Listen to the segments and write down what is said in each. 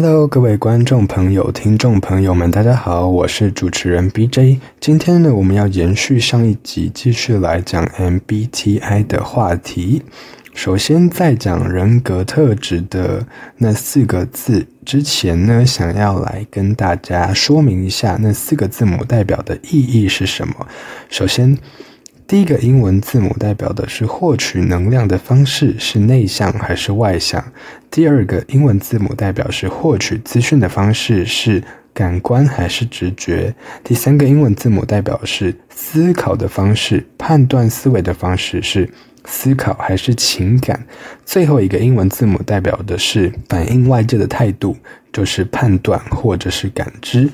Hello，各位觀眾朋友、聽眾朋友們，大家好，我是主持人 BJ。今天呢，我們要延續上一集，繼續來講 MBTI 的話題。首先，在講人格特質的那四個字之前呢，想要來跟大家說明一下那四個字母代表的意義是什麼。首先，第一個英文字母代表的是獲取能量的方式，是內向還是外向。第二個英文字母代表是獲取資訊的方式，是感官還是直覺。第三個英文字母代表是思考的方式，判斷思維的方式是思考還是情感。最後一個英文字母代表的是反映外界的態度，就是判斷或者是感知。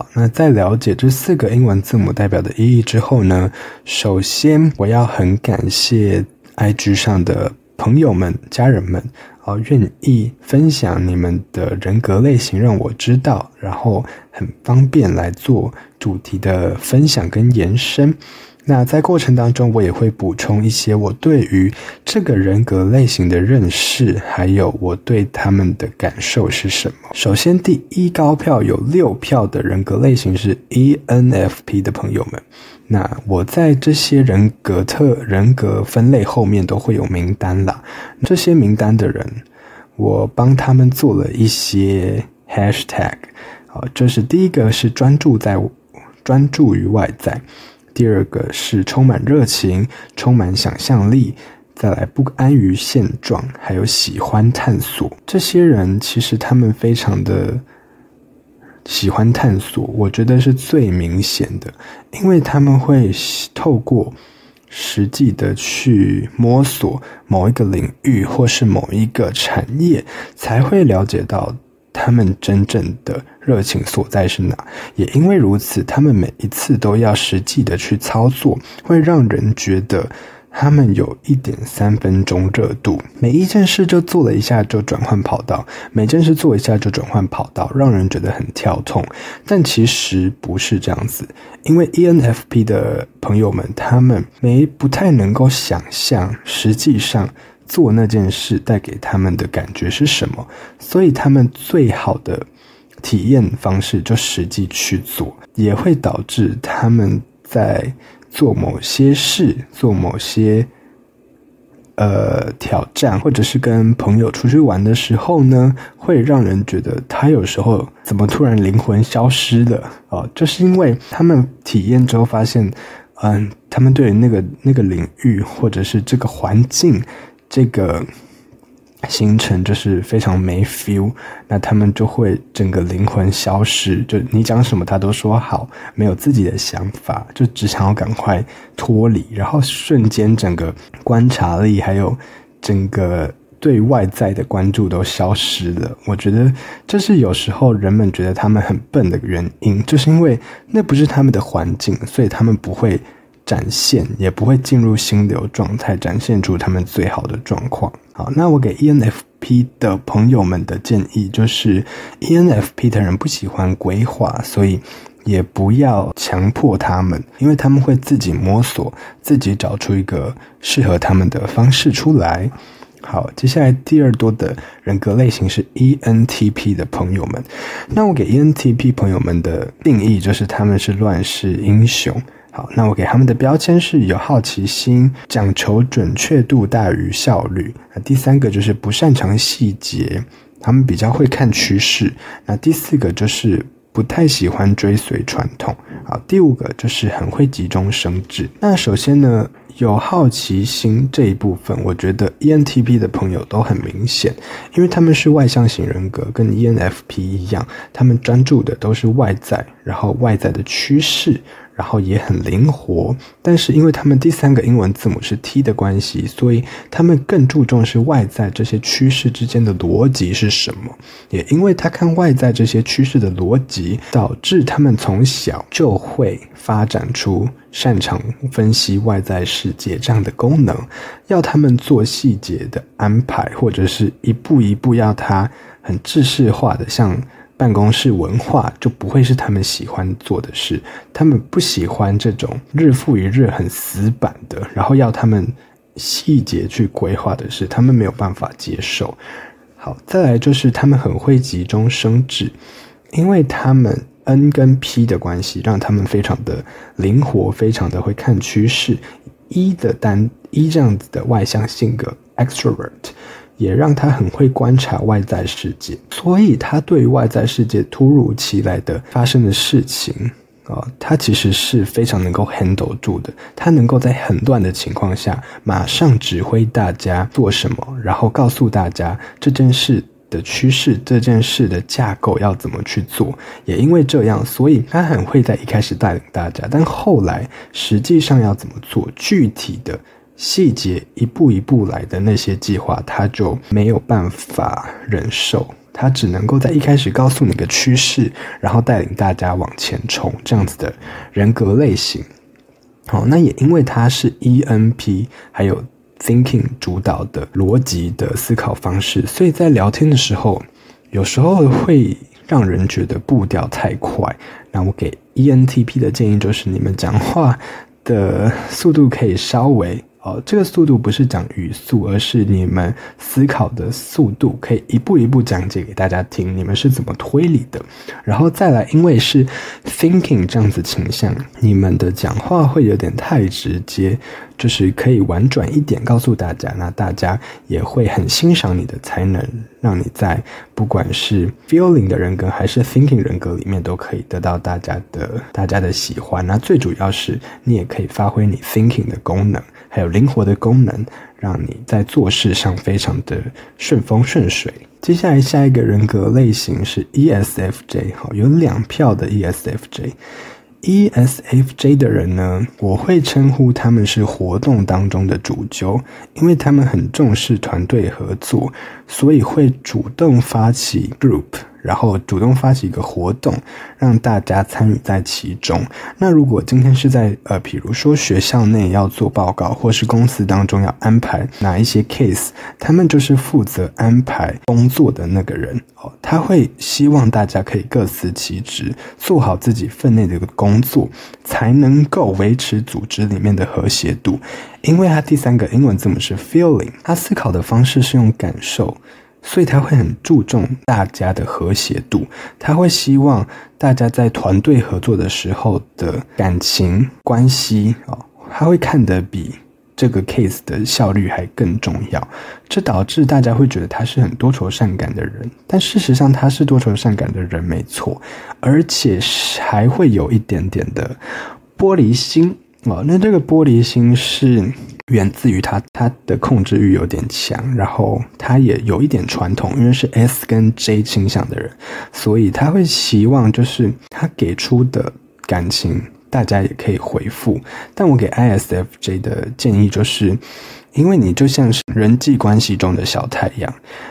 好，那在了解這四個英文字母代表的意義之後呢，首先我要很感謝 IG 上的朋友們、家人們啊，願意分享你們的人格類型讓我知道，然後很方便來做主題的分享跟延伸。那在過程當中，我也會補充一些我對於這個人格類型的認識，還有我對他們的感受是什麼。首先，第一高票有六票的人格類型是 ENFP 的朋友們，那我在這些人格特人格分類後面都會有名單啦，這些名單的人，我幫他們做了一些 hashtag。好，這、就是第一個，是專注在專注於外在。第二個是充滿熱情，充滿想象力，再來不安於現狀，還有喜歡探索。這些人其實他們非常的喜歡探索，我覺得是最明顯的，因為他們會透過實際的去摸索某一個領域或是某一個產業，才會了解到。他們真正的熱情所在是哪？也因為如此，他們每一次都要實際的去操作，會讓人覺得他們有一點三分鐘熱度。每一件事就做了一下就轉換跑道，每件事做一下就轉換跑道，讓人覺得很跳痛。但其實不是這樣子，因為 ENFP 的朋友們，他們沒不太能夠想象，實際上。做那件事帶給他們的感覺是什麼？所以他們最好的體驗方式就實際去做，也會導致他們在做某些事、做某些呃挑戰，或者是跟朋友出去玩的時候呢，會讓人覺得他有時候怎麼突然靈魂消失了啊、哦？就是因為他們體驗之後發現，嗯，他們對於那個那個領域或者是這個環境。這個行程就是非常沒 feel，那他們就會整個靈魂消失，就你講什麼他都說好，沒有自己的想法，就只想要趕快脫離，然後瞬間整個觀察力還有整個對外在的關注都消失了。我覺得這是有時候人們覺得他們很笨的原因，就是因為那不是他們的環境，所以他們不會。展現也不會進入心流狀態，展現出他們最好的狀況。好，那我給 ENFP 的朋友們的建議就是，ENFP 的人不喜歡規劃，所以也不要強迫他們，因為他們會自己摸索，自己找出一個適合他們的方式出來。好，接下來第二多的人格類型是 ENTP 的朋友們，那我給 ENTP 朋友們的定義就是，他們是亂世英雄。好，那我給他們的標籤是有好奇心，講求準確度大於效率。那第三個就是不擅長細節，他們比較會看趨勢。那第四個就是不太喜歡追隨傳統。好，第五個就是很會急中生智。那首先呢，有好奇心這一部分，我覺得 ENTP 的朋友都很明顯，因為他們是外向型人格，跟 ENFP 一樣，他們專注的都是外在，然後外在的趨勢。然後也很靈活，但是因為他們第三個英文字母是 T 的關係，所以他們更注重是外在這些趨勢之間的邏輯是什麼。也因為他看外在這些趨勢的邏輯，導致他們從小就會發展出擅長分析外在世界這樣的功能。要他們做細節的安排，或者是一步一步要他很制式化的像。辦公室文化就不會是他們喜歡做的事，他們不喜歡這種日復一日很死板的，然後要他們細節去規劃的事，他們沒有辦法接受。好，再來就是他們很會急中生智，因為他們 N 跟 P 的關係，讓他們非常的靈活，非常的會看趨勢。一、E、的單一、E、這樣子的外向性格 （extrovert）。也讓他很會觀察外在世界，所以他對於外在世界突如其來的發生的事情，啊、哦，他其實是非常能夠 handle 住的。他能夠在很亂的情況下，馬上指揮大家做什麼，然後告訴大家這件事的趨勢、這件事的架構要怎麼去做。也因為這樣，所以他很會在一開始帶領大家，但後來實際上要怎麼做具體的。細節一步一步來的那些計劃，他就沒有辦法忍受，他只能夠在一開始告訴你個趨勢，然後帶領大家往前衝，這樣子的人格類型。好，那也因為他是 ENP，還有 Thinking 主導的邏輯的思考方式，所以在聊天的時候，有時候會讓人覺得步調太快。那我給 ENTP 的建議就是，你們講話的速度可以稍微。哦，這個速度不是講語速，而是你們思考的速度，可以一步一步講解給大家聽，你們是怎麼推理的，然後再來，因為是 thinking 這樣子傾向，你們的講話會有點太直接。就是可以婉轉一點告訴大家，那大家也會很欣賞你的才能，讓你在不管是 feeling 的人格還是 thinking 人格裡面，都可以得到大家的大家的喜歡。那最主要是你也可以發揮你 thinking 的功能，還有靈活的功能，讓你在做事上非常的順風順水。接下來下一個人格類型是 ESFJ，有兩票的 ESFJ。ESFJ 的人呢，我會稱呼他們是活動當中的主角，因為他們很重視團隊合作，所以會主動發起 group。然後主動發起一個活動，讓大家參與在其中。那如果今天是在呃，比如說學校內要做報告，或是公司當中要安排哪一些 case，他們就是負責安排工作的那個人。哦，他會希望大家可以各司其職，做好自己分內的工作，才能夠維持組織裡面的和諧度。因為他第三個英文字母是 feeling，他思考的方式是用感受。所以他會很注重大家的和諧度，他會希望大家在團隊合作的時候的感情關係哦，他會看得比這個 case 的效率還更重要。這導致大家會覺得他是很多愁善感的人，但事實上他是多愁善感的人沒錯，而且還會有一點點的玻璃心。哦，那這個玻璃心是源自於他，他的控制欲有點強，然後他也有一點傳統，因為是 S 跟 J 傾向的人，所以他會期望就是他給出的感情大家也可以回復。但我給 ISFJ 的建議就是，因為你就像是人際關係中的小太陽，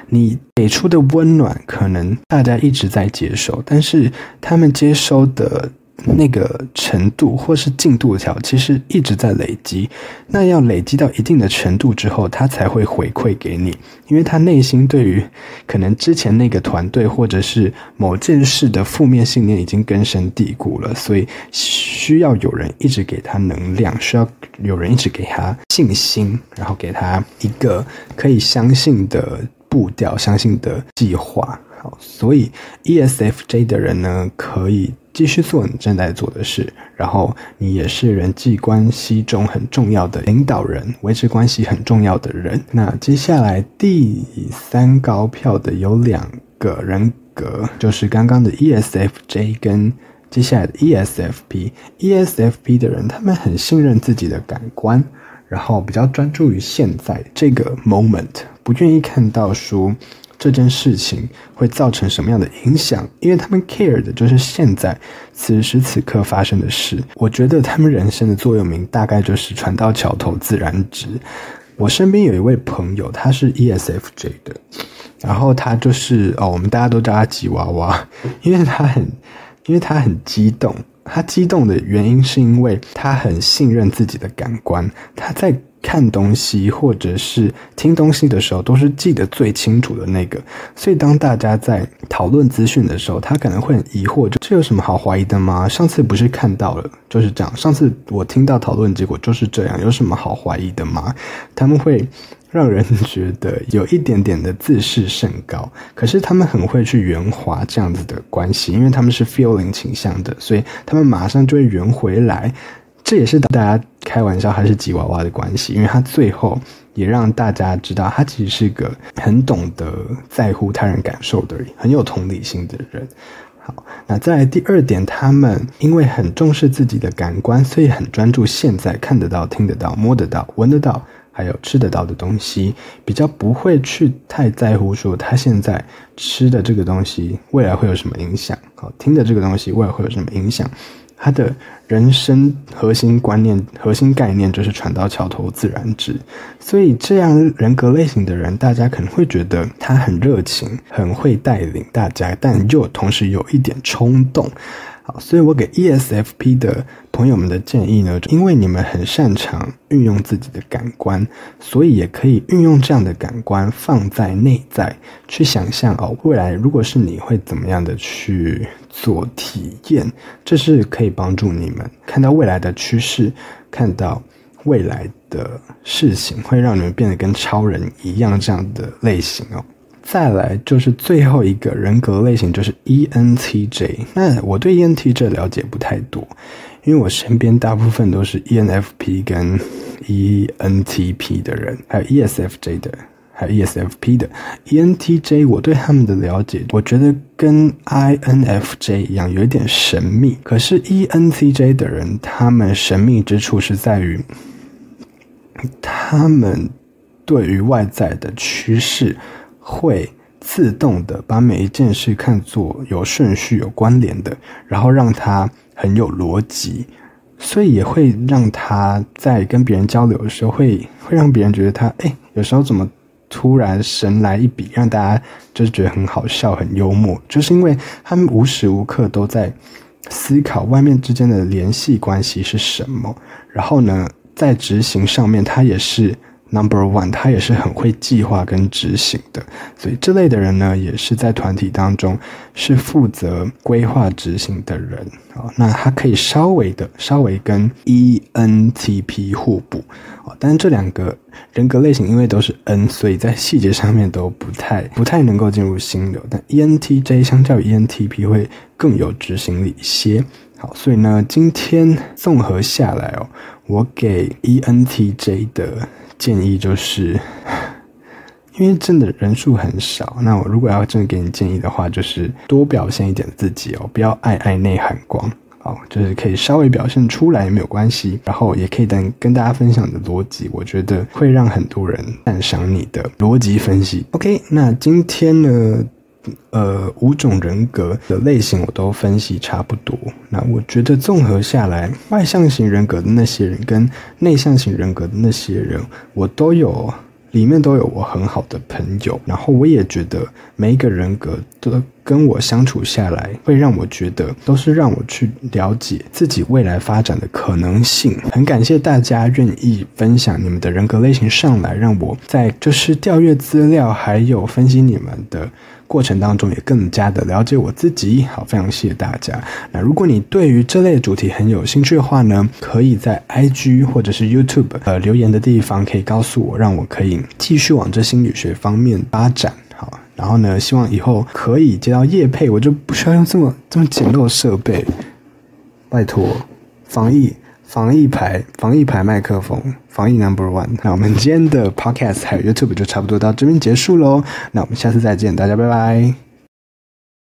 你給出的溫暖可能大家一直在接受，但是他們接收的。那個程度或是進度條，其實一直在累積。那要累積到一定的程度之後，他才會回饋給你，因為他內心對於可能之前那個團隊或者是某件事的負面信念已經根深蒂固了，所以需要有人一直給他能量，需要有人一直給他信心，然後給他一個可以相信的步調、相信的計劃。好，所以 ESFJ 的人呢，可以。繼續做你正在做的事，然後你也是人際關係中很重要的領導人，維持關係很重要的人。那接下來第三高票的有兩個人格，就是剛剛的 ESFJ 跟接下來的 ESFP。ESFP 的人他們很信任自己的感官，然後比較專注於現在這個 moment，不願意看到書，這件事情會造成什麼樣的影響？因為他們 care 的就是現在，此時此刻發生的事。我覺得他們人生的座右銘大概就是“船到橋頭自然直”。我身邊有一位朋友，他是 ESFJ 的，然後他就是哦，我們大家都叫他吉娃娃，因為他很，因為他很激動。他激動的原因是因為他很信任自己的感官，他在。看東西或者是聽東西的時候，都是記得最清楚的那個。所以當大家在討論資訊的時候，他可能會很疑惑：就，這有什麼好懷疑的嗎？上次不是看到了，就是這樣。上次我聽到討論結果就是這樣，有什麼好懷疑的嗎？他們會讓人覺得有一點點的自視甚高，可是他們很會去圓滑這樣子的關係，因為他們是 feeling 傾向的，所以他們馬上就會圓回來。這也是大家開玩笑還是吉娃娃的關係，因為他最後也讓大家知道他其實是個很懂得在乎他人感受的人，很有同理心的人。好，那在第二點，他們因為很重視自己的感官，所以很專注現在看得到、聽得到、摸得到、聞得到，還有吃得到的東西，比較不會去太在乎說他現在吃的這個東西未來會有什麼影響，好，聽的這個東西未來會有什麼影響。他的人生核心觀念、核心概念就是“船到橋頭自然直”，所以這樣人格類型的人，大家可能會覺得他很熱情、很會帶領大家，但又同時有一點衝動。好，所以，我給 ESFP 的朋友們的建議呢，因為你們很擅長運用自己的感官，所以也可以運用這樣的感官放在內在，去想象哦，未來如果是你會怎麼樣的去做體驗，這是可以幫助你們看到未來的趨勢，看到未來的事情，會讓你們變得跟超人一樣這樣的類型哦。再來就是最後一個人格類型，就是 ENTJ。那我對 ENTJ 了解不太多，因為我身邊大部分都是 ENFP 跟 ENTP 的人，還有 ESFJ 的，還有 ESFP 的。ENTJ 我對他們的了解，我覺得跟 INFJ 一樣，有點神秘。可是 ENTJ 的人，他們神秘之處是在於，他們對於外在的趨勢。會自動的把每一件事看作有順序、有關聯的，然後讓他很有邏輯，所以也會讓他在跟別人交流的時候會，會會讓別人覺得他哎，有時候怎麼突然神來一筆，讓大家就覺得很好笑、很幽默，就是因為他們無時無刻都在思考外面之間的聯繫關係是什麼，然後呢，在執行上面，他也是。Number one，他也是很會計劃跟執行的，所以這類的人呢，也是在團體當中是負責規劃執行的人啊。那他可以稍微的稍微跟 ENTP 互補哦，但是這兩個人格類型因為都是 N，所以在細節上面都不太不太能夠進入心流。但 ENTJ 相較於 ENTP 會更有執行力一些。好，所以呢，今天綜合下來哦，我給 ENTJ 的建議就是，因為真的人數很少，那我如果要真的給你建議的話，就是多表現一點自己哦，不要曖曖內含光好，就是可以稍微表現出來沒有關係，然後也可以等跟大家分享的邏輯，我覺得會讓很多人讚賞你的邏輯分析。OK，那今天呢，呃，五種人格的類型我都分析差不多。那我覺得綜合下來，外向型人格的那些人跟內向型人格的那些人，我都有裡面都有我很好的朋友。然後我也覺得每一個人格都跟我相處下來，會讓我覺得都是讓我去了解自己未來發展的可能性。很感謝大家願意分享你們的人格類型上來，讓我在就是調閱資料，還有分析你們的。過程當中也更加的了解我自己，好，非常謝謝大家。那如果你對於這類主題很有興趣的話呢，可以在 IG 或者是 YouTube 呃，留言的地方可以告訴我，讓我可以繼續往這心理學方面發展。好，然後呢，希望以後可以接到業配，我就不需要用這麼這麼簡陋的設備，拜託，防疫、防疫牌，防疫牌麥克風，防疫 number one。那我們今天的 podcast 還有 YouTube 就差不多到這邊結束嘍。那我們下次再見，大家拜拜。